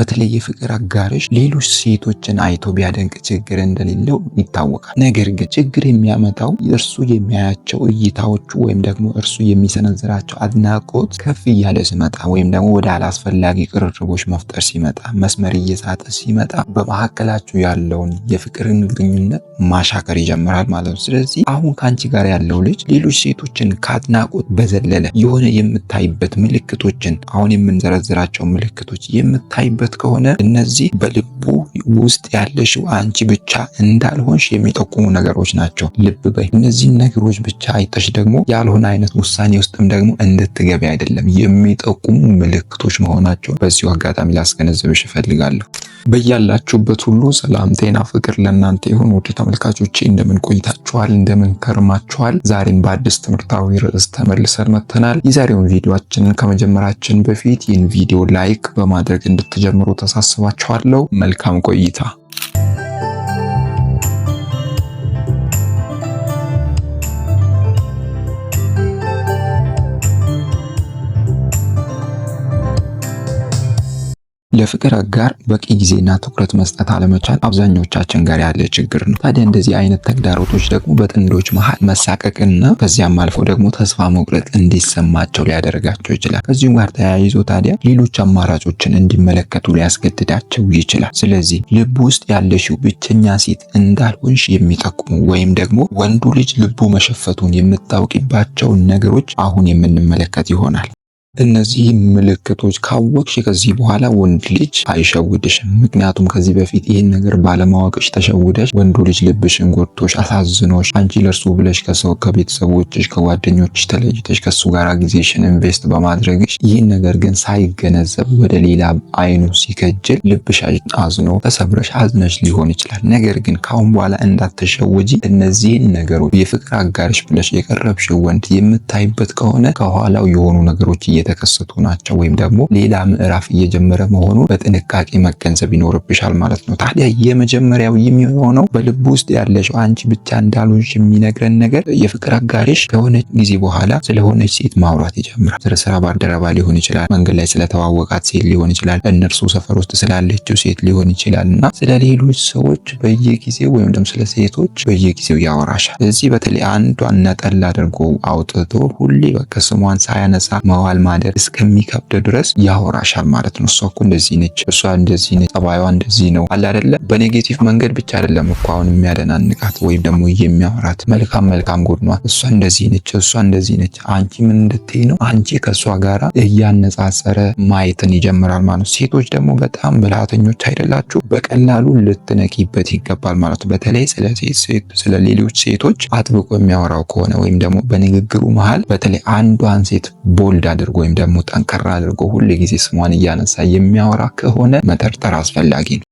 በተለይ የፍቅር አጋርሽ ሌሎች ሴቶችን አይቶ ቢያደንቅ ችግር እንደሌለው ይታወቃል። ነገር ግን ችግር የሚያመጣው እርሱ የሚያያቸው እይታዎቹ ወይም ደግሞ እርሱ የሚሰነዝራቸው አድናቆት ከፍ እያለ ሲመጣ ወይም ደግሞ ወደ አላስፈላጊ ቅርርቦች መፍጠር ሲመጣ፣ መስመር እየሳተ ሲመጣ በመካከላችሁ ያለውን የፍቅርን ግንኙነት ማሻከር ይጀምራል ማለት ነው። ስለዚህ አሁን ከአንቺ ጋር ያለው ልጅ ሌሎች ሴቶችን ከአድናቆት በዘለለ የሆነ የምታይበት ምልክቶችን አሁን የምንዘረዝራቸው ምልክቶች የምታይበት የሚያስደስት ከሆነ እነዚህ በልቡ ውስጥ ያለሽው አንቺ ብቻ እንዳልሆንሽ የሚጠቁሙ ነገሮች ናቸው። ልብ በይ። እነዚህን ነገሮች ብቻ አይተሽ ደግሞ ያልሆነ አይነት ውሳኔ ውስጥም ደግሞ እንድትገቢ አይደለም የሚጠቁሙ ምልክቶች መሆናቸው በዚሁ አጋጣሚ ላስገነዘብሽ እፈልጋለሁ። በያላችሁበት ሁሉ ሰላም፣ ጤና፣ ፍቅር ለእናንተ ይሁን። ውድ ተመልካቾቼ እንደምን ቆይታችኋል? እንደምን ከርማችኋል? ዛሬም በአዲስ ትምህርታዊ ርዕስ ተመልሰን መጥተናል። የዛሬውን ቪዲዮችንን ከመጀመራችን በፊት ይህን ቪዲዮ ላይክ በማድረግ እንድትጀምሩ ተሳስባችኋለሁ። መልካም ቆይታ ለፍቅር አጋር በቂ ጊዜና ትኩረት መስጠት አለመቻል አብዛኞቻችን ጋር ያለ ችግር ነው። ታዲያ እንደዚህ አይነት ተግዳሮቶች ደግሞ በጥንዶች መሀል መሳቀቅና ከዚያም አልፎ ደግሞ ተስፋ መቁረጥ እንዲሰማቸው ሊያደርጋቸው ይችላል። ከዚሁም ጋር ተያይዞ ታዲያ ሌሎች አማራጮችን እንዲመለከቱ ሊያስገድዳቸው ይችላል። ስለዚህ ልብ ውስጥ ያለሽው ብቸኛ ሴት እንዳልሆንሽ የሚጠቁሙ ወይም ደግሞ ወንዱ ልጅ ልቡ መሸፈቱን የምታውቂባቸውን ነገሮች አሁን የምንመለከት ይሆናል። እነዚህ ምልክቶች ካወቅሽ ከዚህ በኋላ ወንድ ልጅ አይሸውድሽም። ምክንያቱም ከዚህ በፊት ይህን ነገር ባለማወቅሽ ተሸውደሽ ወንዱ ልጅ ልብሽን ጎድቶሽ አሳዝኖሽ አንቺ ለእርሱ ብለሽ ከሰው ከቤተሰቦችሽ ከጓደኞችሽ ተለይተሽ ከሱ ጋር ጊዜሽን ኢንቨስት በማድረግሽ ይህን ነገር ግን ሳይገነዘብ ወደ ሌላ አይኑ ሲከጅል ልብሽ አዝኖ ተሰብረሽ አዝነሽ ሊሆን ይችላል። ነገር ግን ካሁን በኋላ እንዳትሸወጂ እነዚህን ነገሮች የፍቅር አጋርሽ ብለሽ የቀረብሽ ወንድ የምታይበት ከሆነ ከኋላው የሆኑ ነገሮች እየተከሰቱ ናቸው ወይም ደግሞ ሌላ ምዕራፍ እየጀመረ መሆኑን በጥንቃቄ መገንዘብ ይኖርብሻል ማለት ነው። ታዲያ የመጀመሪያው የሚሆነው በልብ ውስጥ ያለሽው አንቺ ብቻ እንዳሉ የሚነግረን ነገር የፍቅር አጋሪሽ ከሆነ ጊዜ በኋላ ስለሆነች ሴት ማውራት ይጀምራል። ስራ ባልደረባ ሊሆን ይችላል፣ መንገድ ላይ ስለተዋወቃት ሴት ሊሆን ይችላል፣ እነርሱ ሰፈር ውስጥ ስላለችው ሴት ሊሆን ይችላል እና ስለ ሌሎች ሰዎች በየጊዜው ወይም ደግሞ ስለ ሴቶች በየጊዜው ያወራሻል። እዚህ በተለይ አንዷን ነጠል አድርጎ አውጥቶ ሁሌ በቃ ስሟን ሳያነሳ መዋል ማደር እስከሚከብድ ድረስ ያወራሻል ማለት ነው። እሷ እኮ እንደዚህ ነች፣ እሷ እንደዚህ ነች፣ ጸባይዋ እንደዚህ ነው አለ አይደለ? በኔጌቲቭ መንገድ ብቻ አይደለም እኮ አሁን የሚያደናንቃት ወይም ደግሞ የሚያወራት መልካም መልካም ጎድኗ እሷ እንደዚህ ነች፣ እሷ እንደዚህ ነች። አንቺ ምን እንድትይ ነው? አንቺ ከእሷ ጋራ እያነጻጸረ ማየትን ይጀምራል ማለት ነው። ሴቶች ደግሞ በጣም ብልሃተኞች አይደላችሁ? በቀላሉ ልትነቂበት ይገባል ማለት ነው። በተለይ ስለ ሌሎች ሴቶች አጥብቆ የሚያወራው ከሆነ ወይም ደግሞ በንግግሩ መሀል በተለይ አንዷን ሴት ቦልድ አድርጎ ወይም ደግሞ ጠንከራ አድርጎ ሁል ጊዜ ስሟን እያነሳ የሚያወራ ከሆነ መጠርጠር አስፈላጊ ነው።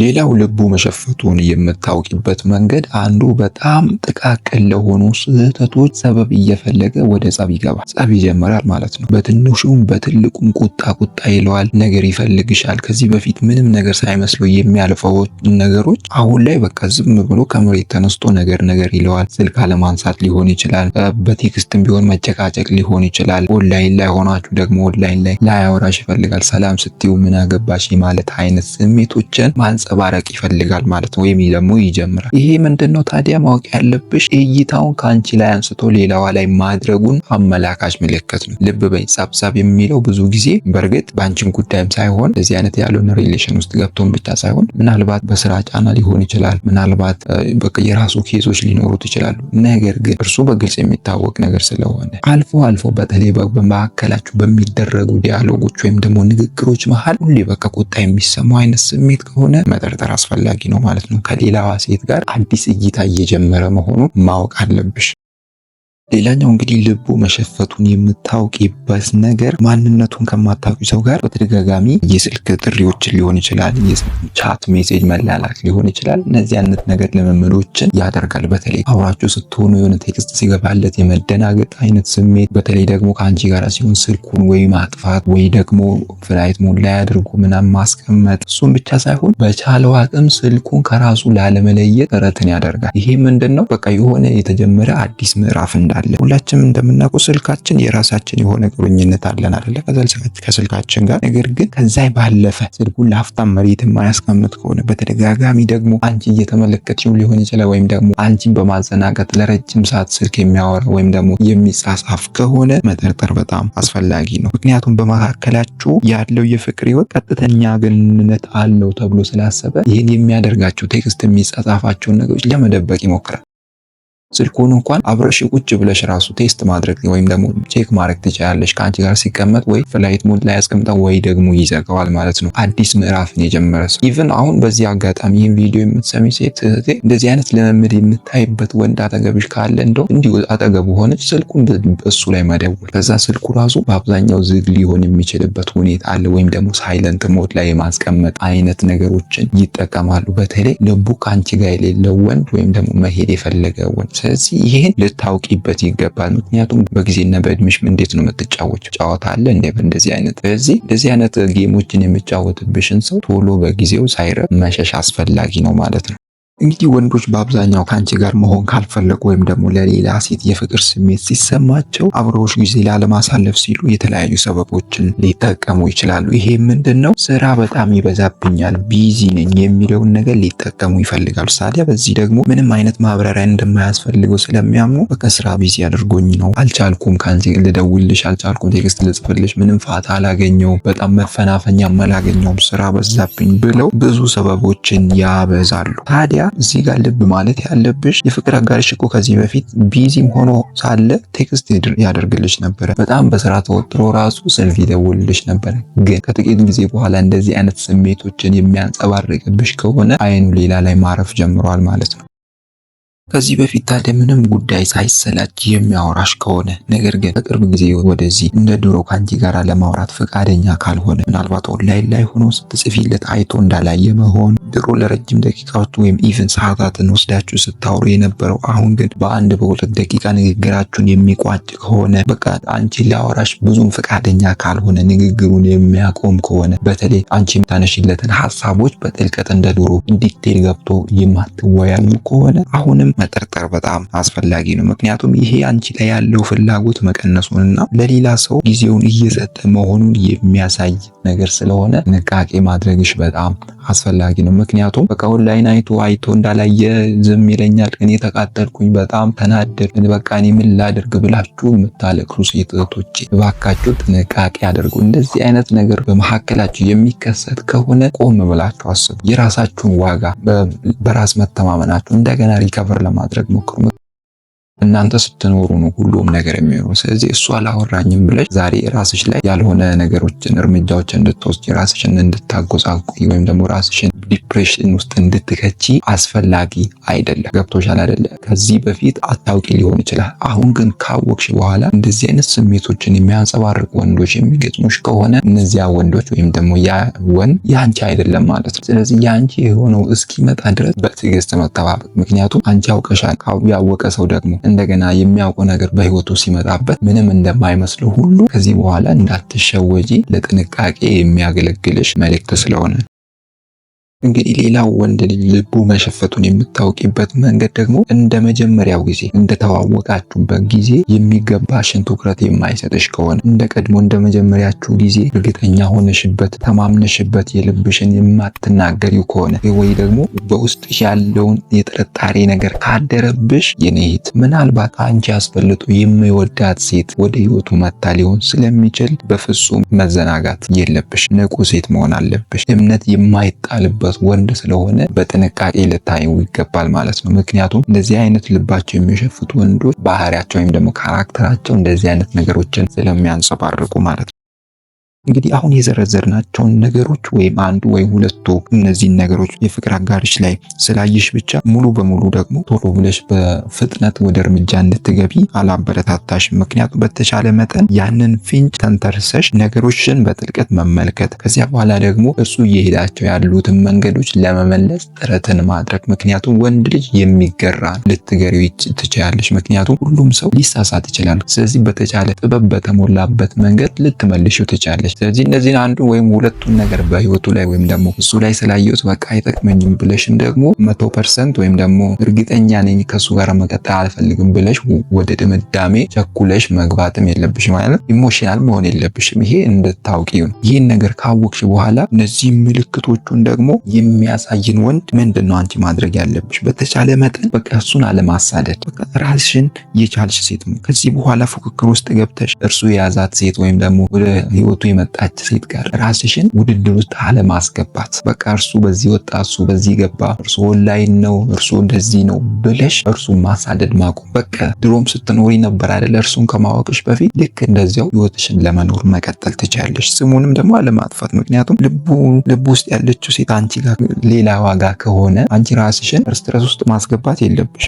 ሌላው ልቡ መሸፈቱን የምታውቂበት መንገድ አንዱ በጣም ጥቃቅን ለሆኑ ስህተቶች ሰበብ እየፈለገ ወደ ጸብ ይገባል። ጸብ ይጀምራል ማለት ነው። በትንሹም በትልቁም ቁጣ ቁጣ ይለዋል። ነገር ይፈልግሻል። ከዚህ በፊት ምንም ነገር ሳይመስሉ የሚያልፈው ነገሮች አሁን ላይ በቃ ዝም ብሎ ከመሬት ተነስቶ ነገር ነገር ይለዋል። ስልክ አለማንሳት ሊሆን ይችላል። በቴክስትም ቢሆን መጨቃጨቅ ሊሆን ይችላል። ኦንላይን ላይ ሆናችሁ ደግሞ ኦንላይን ላይ ላያወራሽ ይፈልጋል። ሰላም ስትዩ ምን አገባሽ ማለት አይነት ስሜቶችን ማንጸባረቅ ይፈልጋል ማለት ነው፣ ወይም ደግሞ ይጀምራል። ይሄ ምንድነው ታዲያ ማወቅ ያለብሽ እይታውን ከአንቺ ላይ አንስቶ ሌላዋ ላይ ማድረጉን አመላካች ምልክት ነው። ልብ በይ፣ ጸብጸብ የሚለው ብዙ ጊዜ በእርግጥ በአንቺን ጉዳይም ሳይሆን እዚህ አይነት ያለውን ሪሌሽን ውስጥ ገብቶን ብቻ ሳይሆን ምናልባት በስራ ጫና ሊሆን ይችላል። ምናልባት በቃ የራሱ ኬሶች ሊኖሩት ይችላሉ። ነገር ግን እርሱ በግልጽ የሚታወቅ ነገር ስለሆነ አልፎ አልፎ በተለይ በመካከላችሁ በሚደረጉ ዲያሎጎች ወይም ደግሞ ንግግሮች መሀል ሁሌ በቃ ቁጣ የሚሰማው አይነት ስሜት ከሆነ መጠርጠር አስፈላጊ ነው ማለት ነው። ከሌላዋ ሴት ጋር አዲስ እይታ እየጀመረ መሆኑን ማወቅ አለብሽ። ሌላኛው እንግዲህ ልቡ መሸፈቱን የምታውቂበት ነገር ማንነቱን ከማታውቂ ሰው ጋር በተደጋጋሚ የስልክ ጥሪዎችን ሊሆን ይችላል፣ ቻት ሜሴጅ መላላክ ሊሆን ይችላል። እነዚህ አይነት ነገር ልምምዶችን ያደርጋል። በተለይ አብራችሁ ስትሆኑ የሆነ ቴክስት ሲገባለት የመደናገጥ አይነት ስሜት፣ በተለይ ደግሞ ከአንቺ ጋር ሲሆን ስልኩን ወይ ማጥፋት ወይ ደግሞ ፍላይት ሞድ ላይ አድርጎ ምናምን ማስቀመጥ። እሱን ብቻ ሳይሆን በቻለው አቅም ስልኩን ከራሱ ላለመለየት ጥረትን ያደርጋል። ይሄ ምንድን ነው? በቃ የሆነ የተጀመረ አዲስ ምዕራፍ እንዳ አለ። ሁላችንም እንደምናውቀው ስልካችን የራሳችን የሆነ ቁርኝነት አለን አይደለ? ከስልካችን ጋር ነገር ግን ከዛ ባለፈ ስልኩን ለሀፍታም መሬት የማያስቀምጥ ከሆነ በተደጋጋሚ ደግሞ አንቺ እየተመለከትሽው ሊሆን ይችላል፣ ወይም ደግሞ አንቺን በማዘናጋት ለረጅም ሰዓት ስልክ የሚያወራ ወይም ደግሞ የሚጻጻፍ ከሆነ መጠርጠር በጣም አስፈላጊ ነው። ምክንያቱም በመካከላችሁ ያለው የፍቅር ህይወት ቀጥተኛ ግንኙነት አለው ተብሎ ስላሰበ ይህን የሚያደርጋቸው ቴክስት የሚጻጻፋቸውን ነገሮች ለመደበቅ ይሞክራል። ስልኩን እንኳን አብረሽ ቁጭ ብለሽ ራሱ ቴስት ማድረግ ወይም ደግሞ ቼክ ማድረግ ትችላለሽ። ከአንቺ ጋር ሲቀመጥ ወይ ፍላይት ሞድ ላይ ያስቀምጠው ወይ ደግሞ ይዘጋዋል ማለት ነው። አዲስ ምዕራፍን የጀመረ ሰው ኢቭን አሁን በዚህ አጋጣሚ ይህን ቪዲዮ የምትሰሚ ሴት እህቴ እንደዚህ አይነት ልምምድ የምታይበት ወንድ አጠገብሽ ካለ እንደው እንዲሁ አጠገቡ ሆነች ስልኩን እሱ ላይ መደወል፣ ከዛ ስልኩ ራሱ በአብዛኛው ዝግ ሊሆን የሚችልበት ሁኔታ አለ። ወይም ደግሞ ሳይለንት ሞድ ላይ የማስቀመጥ አይነት ነገሮችን ይጠቀማሉ። በተለይ ልቡ ከአንቺ ጋር የሌለው ወንድ ወይም ደግሞ መሄድ የፈለገ ወንድ ስለዚህ ይህን ልታውቂበት ይገባል። ምክንያቱም በጊዜና በእድሜሽ እንዴት ነው የምትጫወችው? ጨዋታ አለ እንደ እንደዚህ አይነት ስለዚህ እንደዚህ አይነት ጌሞችን የምጫወትብሽን ሰው ቶሎ በጊዜው ሳይረብ መሸሽ አስፈላጊ ነው ማለት ነው። እንግዲህ ወንዶች በአብዛኛው ከአንቺ ጋር መሆን ካልፈለጉ ወይም ደግሞ ለሌላ ሴት የፍቅር ስሜት ሲሰማቸው አብረዎች ጊዜ ላለማሳለፍ ሲሉ የተለያዩ ሰበቦችን ሊጠቀሙ ይችላሉ። ይሄ ምንድን ነው? ስራ በጣም ይበዛብኛል፣ ቢዚ ነኝ የሚለውን ነገር ሊጠቀሙ ይፈልጋሉ። ታዲያ በዚህ ደግሞ ምንም አይነት ማብራሪያ እንደማያስፈልገው ስለሚያምኑ በቃ ስራ ቢዚ አድርጎኝ ነው አልቻልኩም፣ ከአንቺ ልደውልሽ አልቻልኩም፣ ቴክስት ልጽፍልሽ፣ ምንም ፋታ አላገኘውም፣ በጣም መፈናፈኛም አላገኘውም፣ ስራ በዛብኝ ብለው ብዙ ሰበቦችን ያበዛሉ ታዲያ እዚህ ጋር ልብ ማለት ያለብሽ የፍቅር አጋርሽ እኮ ከዚህ በፊት ቢዚም ሆኖ ሳለ ቴክስት ያደርግልሽ ነበረ። በጣም በስራ ተወጥሮ ራሱ ስልክ ይደውልልሽ ነበረ። ግን ከጥቂት ጊዜ በኋላ እንደዚህ አይነት ስሜቶችን የሚያንጸባርቅብሽ ከሆነ አይኑ ሌላ ላይ ማረፍ ጀምሯል ማለት ነው። ከዚህ በፊት ታዲያ ምንም ጉዳይ ሳይሰላች የሚያወራሽ ከሆነ ነገር ግን በቅርብ ጊዜ ወደዚህ እንደ ድሮ ከአንቺ ጋር ለማውራት ፈቃደኛ ካልሆነ ምናልባት ኦንላይን ላይ ሆኖ ስትጽፊለት አይቶ እንዳላየ መሆን፣ ድሮ ለረጅም ደቂቃዎች ወይም ኢቨን ሰዓታትን ወስዳችሁ ስታወሩ የነበረው አሁን ግን በአንድ በሁለት ደቂቃ ንግግራችሁን የሚቋጭ ከሆነ፣ በቃ አንቺ ላወራሽ ብዙም ፈቃደኛ ካልሆነ፣ ንግግሩን የሚያቆም ከሆነ፣ በተለይ አንቺ የምታነሽለትን ሀሳቦች በጥልቀት እንደ ድሮ ዲቴል ገብቶ የማትወያዩ ከሆነ አሁንም መጠርጠር በጣም አስፈላጊ ነው። ምክንያቱም ይሄ አንቺ ላይ ያለው ፍላጎት መቀነሱንና ለሌላ ሰው ጊዜውን እየሰጠ መሆኑን የሚያሳይ ነገር ስለሆነ ጥንቃቄ ማድረግሽ በጣም አስፈላጊ ነው። ምክንያቱም በቃ ኦንላይን አይቶ አይቶ እንዳላየ ዝም ይለኛል፣ ግን የተቃጠልኩኝ በጣም ተናደድ፣ በቃ እኔ ምን ላድርግ ብላችሁ የምታለቅሱ ሴት እህቶቼ እባካችሁ ጥንቃቄ አድርጉ። እንደዚህ አይነት ነገር በመካከላችሁ የሚከሰት ከሆነ ቆም ብላችሁ አስቡ። የራሳችሁን ዋጋ በራስ መተማመናችሁ እንደገና ሪከቨር ለማድረግ ሞክሩ። እናንተ ስትኖሩ ነው ሁሉም ነገር የሚሆነው። ስለዚህ እሱ አላወራኝም ብለሽ ዛሬ ራስሽ ላይ ያልሆነ ነገሮችን እርምጃዎች እንድትወስጂ ራስሽን እንድታጎሳቁይ ወይም ደግሞ ራስሽን ዲፕሬሽን ውስጥ እንድትከቺ አስፈላጊ አይደለም። ገብቶሻል አይደለ? ከዚህ በፊት አታውቂ ሊሆን ይችላል። አሁን ግን ካወቅሽ በኋላ እንደዚህ አይነት ስሜቶችን የሚያንጸባርቅ ወንዶች የሚገጥሙሽ ከሆነ እነዚያ ወንዶች ወይም ደግሞ ያ ወንድ የአንቺ አይደለም ማለት ነው። ስለዚህ የአንቺ የሆነው እስኪመጣ ድረስ በትዕግስት መጠባበቅ። ምክንያቱም አንቺ አውቀሻል። ያወቀ ሰው ደግሞ እንደገና የሚያውቁ ነገር በህይወቱ ሲመጣበት ምንም እንደማይመስለው ሁሉ ከዚህ በኋላ እንዳትሸወጂ ለጥንቃቄ የሚያገለግልሽ መልእክት ስለሆነ እንግዲህ ሌላው ወንድ ልጅ ልቡ መሸፈቱን የምታውቂበት መንገድ ደግሞ እንደ መጀመሪያው ጊዜ እንደተዋወቃችሁበት ጊዜ የሚገባሽን ትኩረት የማይሰጥሽ ከሆነ እንደ ቀድሞ እንደ መጀመሪያችሁ ጊዜ እርግጠኛ ሆነሽበት ተማምነሽበት የልብሽን የማትናገሪው ከሆነ ወይ ደግሞ በውስጥሽ ያለውን የጥርጣሬ ነገር ካደረብሽ የንሂት ምናልባት አንቺ አስፈልጦ የሚወዳት ሴት ወደ ህይወቱ መታ ሊሆን ስለሚችል በፍጹም መዘናጋት የለብሽ። ንቁ ሴት መሆን አለብሽ። እምነት የማይጣልበት ክርስቶስ ወንድ ስለሆነ በጥንቃቄ ልታዩ ይገባል ማለት ነው። ምክንያቱም እንደዚህ አይነት ልባቸው የሚሸፍቱ ወንዶች ባህሪያቸው ወይም ደግሞ ካራክተራቸው እንደዚህ አይነት ነገሮችን ስለሚያንጸባርቁ ማለት ነው። እንግዲህ አሁን የዘረዘርናቸውን ነገሮች ወይም አንዱ ወይም ሁለቱ እነዚህን ነገሮች የፍቅር አጋርሽ ላይ ስላየሽ ብቻ ሙሉ በሙሉ ደግሞ ቶሎ ብለሽ በፍጥነት ወደ እርምጃ እንድትገቢ አላበረታታሽ። ምክንያቱም በተቻለ መጠን ያንን ፍንጭ ተንተርሰሽ ነገሮችን በጥልቀት መመልከት፣ ከዚያ በኋላ ደግሞ እሱ እየሄዳቸው ያሉትን መንገዶች ለመመለስ ጥረትን ማድረግ። ምክንያቱም ወንድ ልጅ የሚገራ ልትገሪው ትችላለሽ። ምክንያቱም ሁሉም ሰው ሊሳሳት ይችላል። ስለዚህ በተቻለ ጥበብ በተሞላበት መንገድ ልትመልሽው ትችላለሽ። ስለዚህ እነዚህን አንዱ ወይም ሁለቱን ነገር በህይወቱ ላይ ወይም ደግሞ እሱ ላይ ስላየሁት በቃ አይጠቅመኝም ብለሽን ደግሞ መቶ ፐርሰንት ወይም ደግሞ እርግጠኛ ነኝ ከእሱ ጋር መቀጠል አልፈልግም ብለሽ ወደ ድምዳሜ ቸኩለሽ መግባትም የለብሽ ማለት ኢሞሽናል መሆን የለብሽም። ይሄ እንድታውቂ ነው። ይህን ነገር ካወቅሽ በኋላ እነዚህ ምልክቶቹን ደግሞ የሚያሳይን ወንድ ምንድን ነው አንቺ ማድረግ ያለብሽ? በተቻለ መጠን በቃ እሱን አለማሳደድ፣ በቃ ራስሽን የቻልሽ ሴት ከዚህ በኋላ ፉክክር ውስጥ ገብተሽ እርሱ የያዛት ሴት ወይም ደግሞ ወደ ህይወቱ የመጣች ሴት ጋር ራስሽን ውድድር ውስጥ አለማስገባት። በቃ እርሱ በዚህ ወጣ፣ እሱ በዚህ ገባ፣ እርሱ ኦንላይን ነው፣ እርሱ እንደዚህ ነው ብለሽ እርሱ ማሳደድ ማቆም። በቃ ድሮም ስትኖሪ ነበር አይደለ? እርሱን ከማወቅሽ በፊት ልክ እንደዚያው ህይወትሽን ለመኖር መቀጠል ትችላለሽ። ስሙንም ደግሞ አለማጥፋት። ምክንያቱም ልቡ ልቡ ውስጥ ያለችው ሴት አንቺ ጋር ሌላ ዋጋ ከሆነ አንቺ ራስሽን ስትረስ ውስጥ ማስገባት የለብሽ።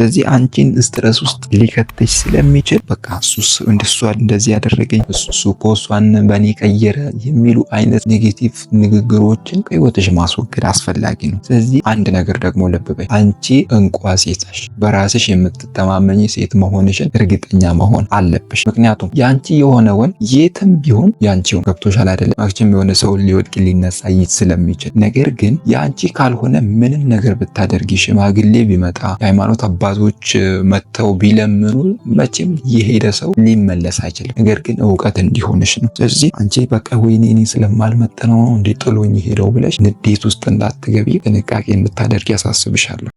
ስለዚህ አንቺን ስትረስ ውስጥ ሊከተሽ ስለሚችል በቃ እሱስ እንደሷ እንደዚህ ያደረገኝ እሱ ኮሷን በእኔ ቀየረ የሚሉ አይነት ኔጌቲቭ ንግግሮችን ከህይወትሽ ማስወገድ አስፈላጊ ነው። ስለዚህ አንድ ነገር ደግሞ ለብበይ፣ አንቺ እንቋ ሴት በራስሽ የምትተማመኝ ሴት መሆንሽን እርግጠኛ መሆን አለብሽ። ምክንያቱም የአንቺ የሆነ ወንድ የትም ቢሆን ሆን ገብቶሻል አይደለም? መቼም የሆነ ሰው ሊወድቅ ሊነሳ ይት ስለሚችል ነገር ግን የአንቺ ካልሆነ ምንም ነገር ብታደርጊ ሽማግሌ ቢመጣ የሃይማኖት አባ አባቶች መጥተው ቢለምኑ መቼም የሄደ ሰው ሊመለስ አይችልም። ነገር ግን እውቀት እንዲሆንሽ ነው። ስለዚህ አንቺ በቃ ወይኔ እኔ ስለማልመጥ ነው እንዴ ጥሎኝ ሄደው ብለሽ ንዴት ውስጥ እንዳትገቢ ጥንቃቄ እንድታደርግ ያሳስብሻለሁ።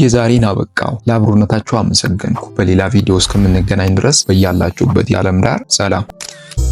የዛሬን አበቃው። ለአብሮነታችሁ አመሰገንኩ። በሌላ ቪዲዮ እስከምንገናኝ ድረስ በያላችሁበት የዓለም ዳር ሰላም